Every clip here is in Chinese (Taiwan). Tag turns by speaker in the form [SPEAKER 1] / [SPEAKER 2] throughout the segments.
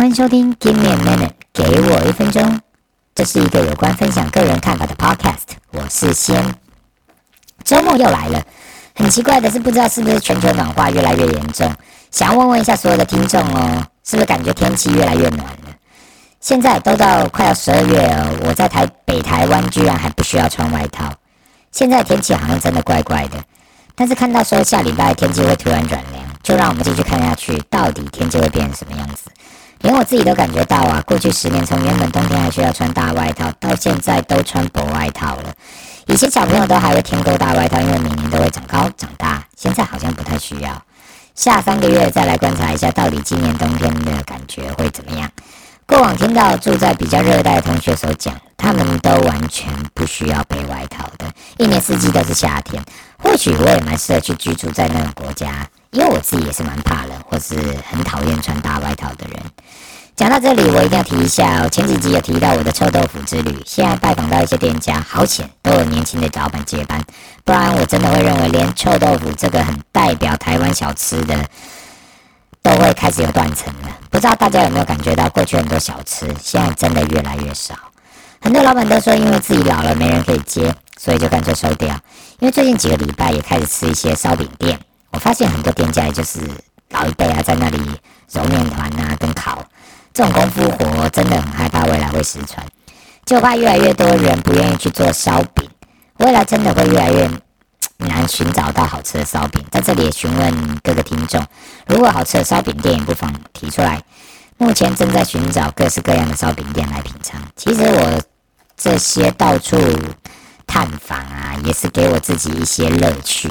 [SPEAKER 1] 歡迎收聽 Give Me a Minute，給我一分鐘。這是一個有關分享個人看法的 podcast。我是仙。周末又來了，很奇怪的是，不知道是不是全球暖化越來越嚴重，想要問問一下所有的聽眾哦，是不是感覺天氣越來越暖了？現在都到快要十二月了哦，我在台北台灣居然還不需要穿外套。現在天氣好像真的怪怪的，但是看到說下禮拜天氣會突然轉涼，就讓我們繼續看下去，到底天氣會變成什麼樣子？連我自己都感覺到啊，過去十年，從原本冬天還需要穿大外套，到現在都穿薄外套了。以前小朋友都還會添購大外套，因為每年都會長高長大，現在好像不太需要。下三個月再來觀察一下，到底今年冬天的感覺會怎麼樣？過往聽到住在比較熱帶的同學所講，他們都完全不需要背外套的，一年四季都是夏天。或許我也蠻適合去居住在那個國家。因為我自己也是蠻怕冷，或是很討厭穿大外套的人。講到這裡，我一定要提一下我前幾集有提到我的臭豆腐之旅，現在拜訪到一些店家，好險都有年輕的老闆接班，不然我真的會認為連臭豆腐這個很代表台灣小吃的，都會開始有斷層了。不知道大家有沒有感覺到，過去很多小吃現在真的越來越少，很多老闆都說因為自己老了沒人可以接，所以就乾脆收掉。因為最近幾個禮拜也開始吃一些燒餅店。我發現很多店家，也就是老一輩啊，在那裡揉麵團啊，跟烤這種功夫活，真的很害怕未來會失傳，就怕越來越多人不願意去做燒餅，未來真的會越來越難尋找到好吃的燒餅。在這裡也詢問各個聽眾，如果好吃的燒餅店，也不妨提出來。目前正在尋找各式各樣的燒餅店來品嘗。其實我這些到處探訪啊，也是給我自己一些樂趣。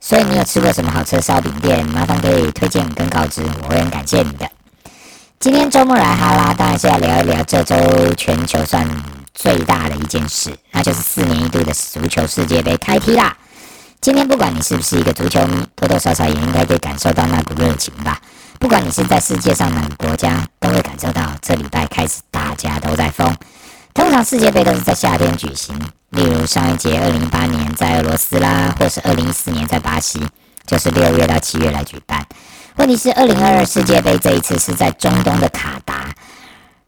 [SPEAKER 1] 所以你有吃過什麼好吃的燒餅店？麻煩可以推薦跟告知，我會很感謝你的。今天周末來哈啦，當然是要聊一聊這周全球算最大的一件事，那就是四年一度的足球世界杯開踢啦。今天不管你是不是一個足球迷，多多少少也應該會感受到那股熱情吧。不管你是在世界上哪個國家，都會感受到這禮拜開始大家都在瘋。通常世界盃都是在夏天舉行，例如上一屆2018年在俄羅斯啦，或是2014年在巴西，就是六月到七月來舉辦。問題是2022世界盃這一次是在中東的卡達，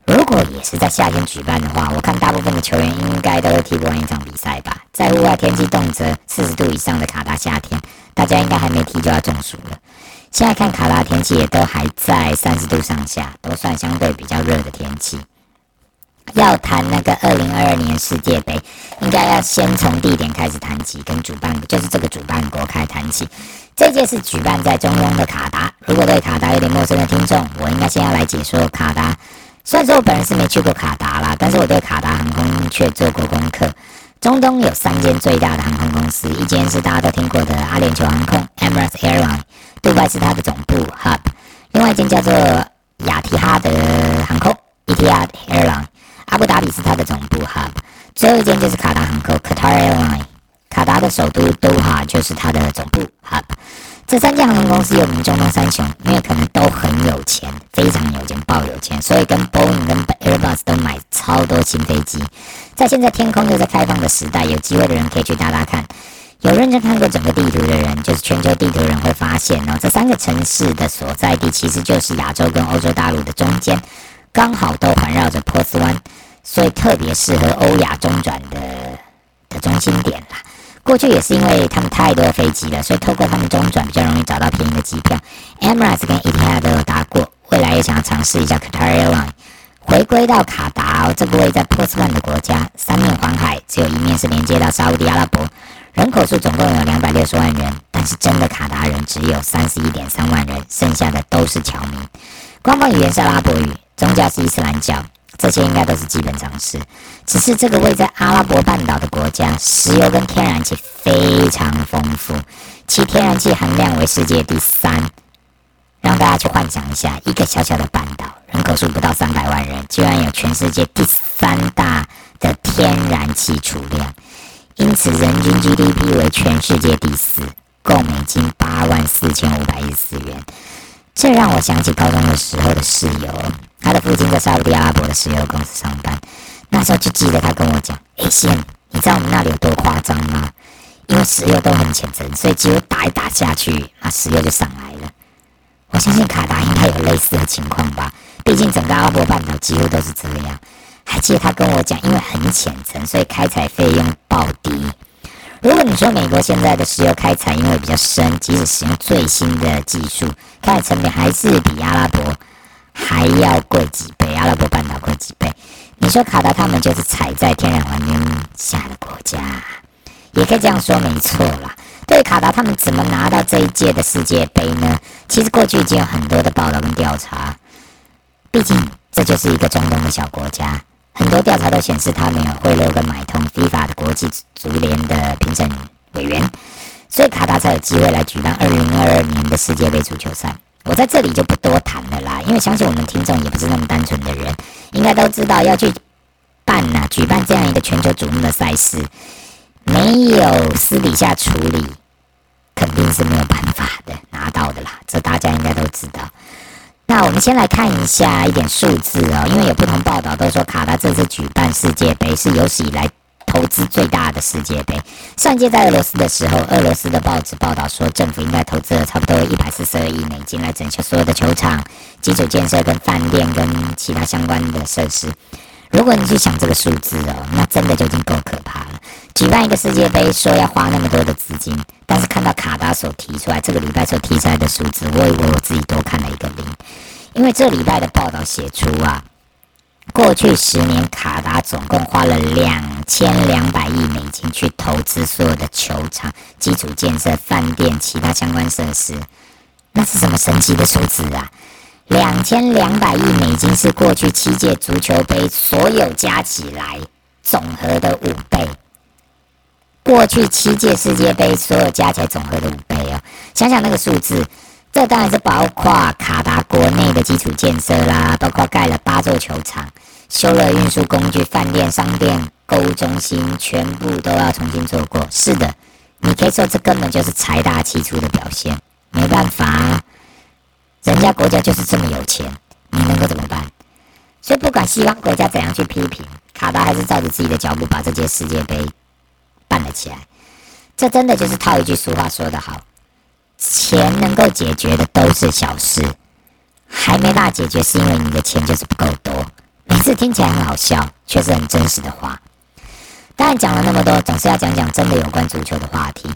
[SPEAKER 1] 如果也是在夏天舉辦的話，我看大部分的球員應該都踢不完一場比賽吧。在戶外天氣動輒四十度以上的卡達夏天，大家應該還沒踢就要中暑了。現在看卡達天氣也都還在三十度上下，都算相對比較熱的天氣。要談那個二零二二年世界盃，應該要先從地點開始談起，跟主辦，就是這個主辦國開始談起。這件是舉辦在中東的卡達。如果對卡達有點陌生的聽眾，我應該先要來解說卡達。雖然說我本人是沒去過卡達啦，但是我對卡達航空卻做過功課。中東有三間最大的航空公司，一間是大家都聽過的阿聯酋航空 e m i r a t Airline），對外是它的總部 （Hub）。另外一間叫做亞提哈德航空 e t r h a Airline）。阿布達比是他的總部 hub，最後一間就是卡達航空 Qatar Airline，卡達的首都都哈就是他的總部 hub，這三家航空公司也有名“中東三雄”，因為可能都很有錢，非常有錢，爆有錢，所以跟 Boeing、跟 Airbus 都買超多新飛機。在現在天空都在開放的時代，有機會的人可以去搭搭看。有認真看過整個地圖的人，就是全球地圖的人會發現，然後、哦、這三個城市的所在地其實就是亞洲跟歐洲大陸的中間。剛好都環繞着波斯灣，所以特別適合歐亞中轉的的中心點啦。過去也是因為他們太多的飛機了，所以透過他們中轉比較容易找到便宜的機票。Emirates 跟 Etihad 都有搭過，未來也想要嘗試一下 Qatar Airline。回歸到卡達爾，這部位在波斯灣的國家，三面環海，只有一面是連接到沙烏地阿拉伯。人口數總共有兩百六十萬人，但是真的卡達人只有三十一點三萬人，剩下的都是僑民。官方語言是阿拉伯語。宗教是伊斯蘭教，這些應該都是基本常識。只是這個位在阿拉伯半島的國家，石油跟天然氣非常豐富，其天然氣含量為世界第三。讓大家去幻想一下，一個小小的半島，人口數不到三百萬人，居然有全世界第三大的天然氣儲量，因此人均 GDP 為全世界第四，共美金八萬四千五百一十四元。這讓我想起高中的時候的室友。他的父親在沙烏地阿拉伯的石油公司上班，那時候就記得他跟我講誒、欸、先你知道我們那裡有多誇張嗎？因為石油都很淺層，所以幾乎打一打下去，啊，石油就上來了。”我相信卡達應該有類似的情況吧，畢竟整個阿拉伯半島幾乎都是這樣。還記得他跟我講，因為很淺層，所以開採費用暴跌。如果你說美國現在的石油開採因為比較深，即使使用最新的技術，開採成本還是比阿拉伯，還要貴幾倍，阿拉伯半島貴幾倍。你說卡達他們就是踩在天然環境下的國家啊，也可以這樣說，沒錯啦，對卡達他們怎麼拿到這一屆的世界杯呢？其實過去已經有很多的報道跟調查，畢竟這就是一個中東的小國家。很多調查都顯示他們有賄賂跟買通 FIFA 的國際足聯的評審委員，所以卡達才有機會來舉辦二零二二年的世界杯足球賽。我在這裡就不多談了啦，因為相信我們聽眾也不是那麼單純的人，應該都知道要去辦吶、啊，舉辦這樣一個全球矚目的賽事，沒有私底下處理，肯定是沒有辦法的拿到的啦，這大家應該都知道。那我們先來看一下一點數字哦，因為有不同報道都說，卡達這次舉辦世界杯是有史以來投資最大的世界杯。上屆在俄羅斯的時候，俄羅斯的報紙報道說，政府應該投資了差不多一百四十二億美金來整修所有的球場、基礎建設跟飯店跟其他相關的設施。如果你去想這個數字哦，那真的就已經夠可怕了。舉辦一個世界杯說要花那麼多的資金，但是看到卡達所提出來這個禮拜所提出來的數字，我以為我自己多看了一個零，因為這禮拜的報道寫出啊，過去十年卡達總共花了兩。千兩百億美金去投資所有的球場、基礎建設、飯店、其他相關設施，那是什麼神奇的數字啊？兩千兩百億美金是過去七屆足球杯所，所有加起來總和的五倍，過去七屆世界杯所有加起來總和的五倍哦。想想那個數字，這當然是包括卡達國內的基礎建設啦，包括蓋了八座球場、修了運輸工具、飯店、商店。購物中心全部都要重新做過。是的，你可以說這根本就是財大氣粗的表現。沒辦法。人家國家就是這麼有錢，你能夠怎麼辦？所以不管西方國家怎樣去批評，卡達還是照着自己的腳步把這屆世界杯辦了起來。這真的就是套一句俗話說得好：“錢能夠解決的都是小事，還沒大解決是因為你的錢就是不夠多。”每次聽起來很好笑，卻是很真實的話。當然講了那麼多，總是要講講真的有關足球的話題。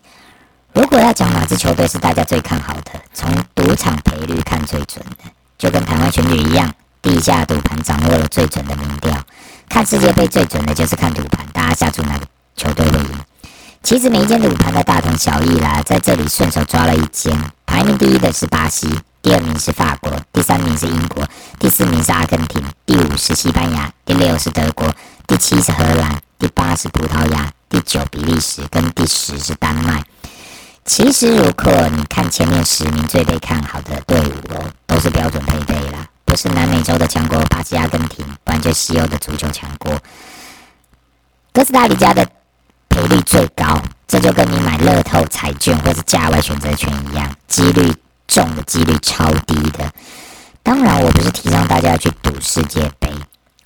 [SPEAKER 1] 如果要講哪支球隊是大家最看好的，從賭場賠率看最準的，就跟台灣選舉一樣，地下賭盤掌握了最準的民調。看世界盃最準的就是看賭盤，大家下注哪個球隊會贏？其實每一間賭盤都大同小異啦，在這裡順手抓了一間，排名第一的是巴西，第二名是法國，第三名是英國，第四名是阿根廷，第五是西班牙，第六是德國，第七是荷蘭。第八是葡萄牙，第九比利時跟第十是丹麥。其實如果你看前面十名最被看好的隊伍的，都是標準配備啦，不是南美洲的強國巴西、阿根廷，不然就西歐的足球強國。哥斯達黎加的賠率最高，這就跟你買樂透彩券或者是價外選擇權一樣，幾率中的幾率超低的。當然我不是提倡大家去賭世界杯，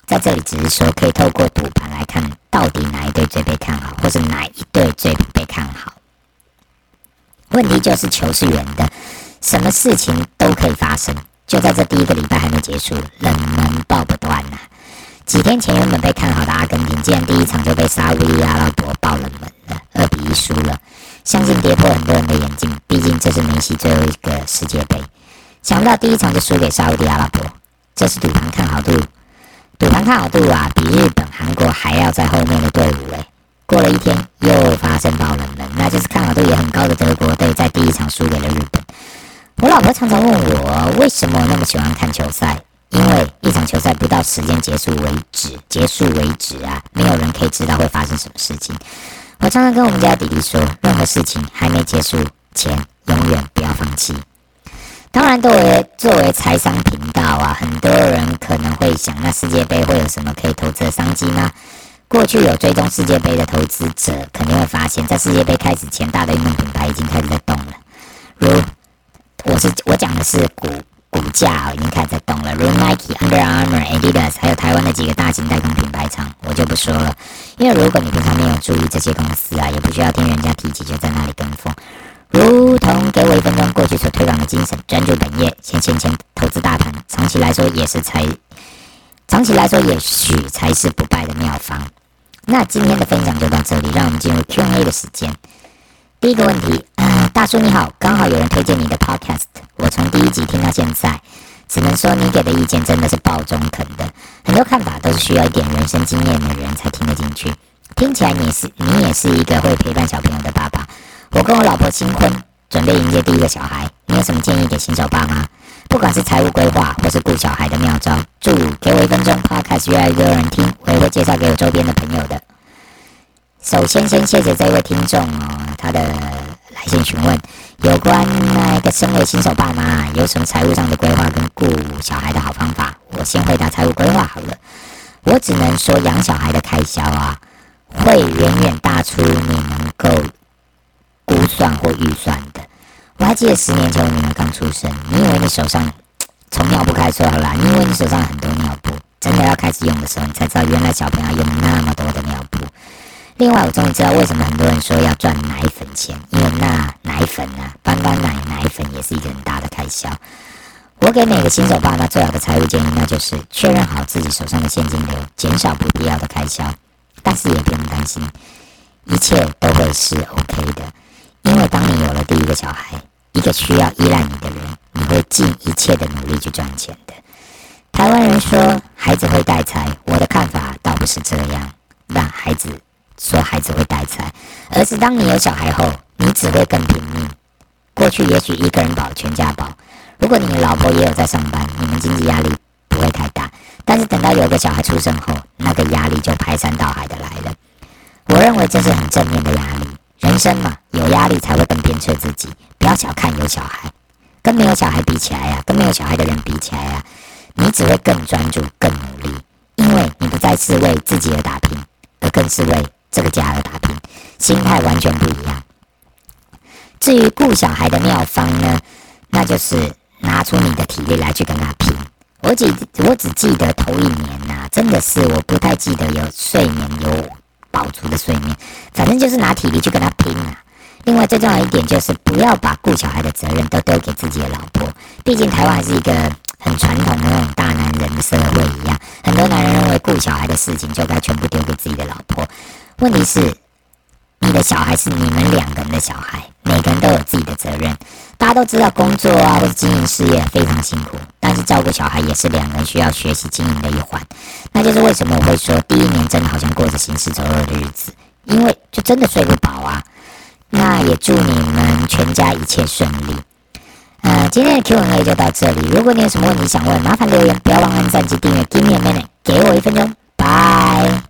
[SPEAKER 1] 在這裡只是說可以透過賭盤來看。最被看好，或是哪一隊最被看好？問題就是球是圓的，什麼事情都可以發生。就在這第一個禮拜還沒結束，冷門爆不斷吶、啊。幾天前原本被看好的阿根廷，竟然第一場就被沙烏地阿拉伯爆冷門了，二比一輸了，相信跌破很多人的眼鏡。畢竟這是梅西最後一個世界杯，想不到第一場就輸給沙烏地阿拉伯，這是賭盤看好度。賭盤看好度啊，比日本韓國還要在後面的隊伍誒、欸、過了一天，又發生爆冷了，那就是看好度也很高的德國隊在第一場輸給了日本。我老婆常常問我，為什麼那麼喜歡看球賽，因為一場球賽不到時間結束為止，結束為止啊，沒有人可以知道會發生什麼事情。我常常跟我們家弟弟說，任何事情還沒結束前，永遠不要放棄。當然，作為作為財商頻道啊，很多人可能會想，那世界盃會有什麼可以投資的商機呢？過去有追蹤世界盃的投資者肯定會發現，在世界盃開始前，大的運動品牌已經開始在動了。如我是我講的是股股價、哦、已經開始在動了，如 Nike、Under Armour、Adidas，還有台灣的幾個大型代工品牌廠，我就不說了，因為如果你平常沒有注意這些公司啊，也不需要聽人家提起，就在那裡跟風。如同給我一分鐘，過去所推廣的精神，專注本業，先錢錢投資大盤，長期來說也是才，長期來說也許才是不敗的妙方。那今天的分享就到這裡，讓我們進入 Q&A 的時間。第一個問題，嗯、呃，大叔你好，剛好有人推薦你的 Podcast，我從第一集聽到現在，只能說你給的意見真的是爆中肯的，很多看法都是需要一點人生經驗的人才聽得進去。聽起來你是你也是一個會陪伴小朋友的爸爸。我跟我老婆新婚，準備迎接第一個小孩，你有什麼建議給新手爸媽？不管是財務規劃，或是顧小孩的妙招，祝給我一分鐘，他開始越來越多人聽，我會，會介紹給我周邊的朋友的。首先，先謝謝這位聽眾哦，他的來信詢問有關那個身為新手爸媽有什麼財務上的規劃跟顧小孩的好方法。我先回答財務規劃好了，我只能說養小孩的開銷啊，會遠遠大出你能夠，估算或預算的，我還記得十年前我女兒剛出生，你以為你手上從尿布開始好了，因為你手上很多尿布，真的要開始用的時候，你才知道原來小朋友用那麼多的尿布。另外，我終於知道為什麼很多人說要賺奶粉錢，因為那奶粉啊，斑斑奶奶粉也是一個很大的開銷。我給每個新手爸媽最好的財務建議，那就是確認好自己手上的現金流，減少不必要的開銷，但是也不用擔心，一切都會是 OK 的。因為當你有了第一個小孩，一個需要依賴你的人，你會盡一切的努力去賺錢的。台灣人說孩子會帶財，我的看法倒不是這樣，讓孩子說孩子會帶財，而是當你有小孩後，你只會更拼命。過去也許一個人保全家保，如果你的老婆也有在上班，你們經濟壓力不會太大。但是等到有個小孩出生後，那個壓力就排山倒海的來了。我認為這是很正面的壓力。生嘛，有壓力才會更鞭策自己。不要小看有小孩，跟沒有小孩比起來呀，跟沒有小孩的人比起來呀，你只會更專注、更努力，因為你不再是為自己而打拼，而更是為這個家而打拼，心態完全不一樣。至於顧小孩的妙方呢，那就是拿出你的體力來去跟他拼。我只我只記得頭一年吶，真的是我不太記得有睡眠有我。飽足的睡眠，反正就是拿體力去跟他拼啊。另外最重要一點就是不要把顧小孩的責任都丟給自己的老婆。畢竟台灣還是一個很傳統的那種大男人的社會一樣，很多男人認為顧小孩的事情就該全部丟給自己的老婆。問題是，你的小孩是你們兩個人的小孩，每個人都有自己的責任。他都知道工作啊或者經營事業非常辛苦，但是照顧小孩也是兩人需要學習經營的一環。那就是為什麼我會說第一年真的好像過着行屍走肉的日子，因為就真的睡不飽啊。那也祝你們全家一切順利。嗯、呃，今天的 Q&A 就到這裡。如果你有什麼問題想問，麻煩留言。不要忘了按讚及訂閱。Give me a Minute，給我一分鐘。拜、拜。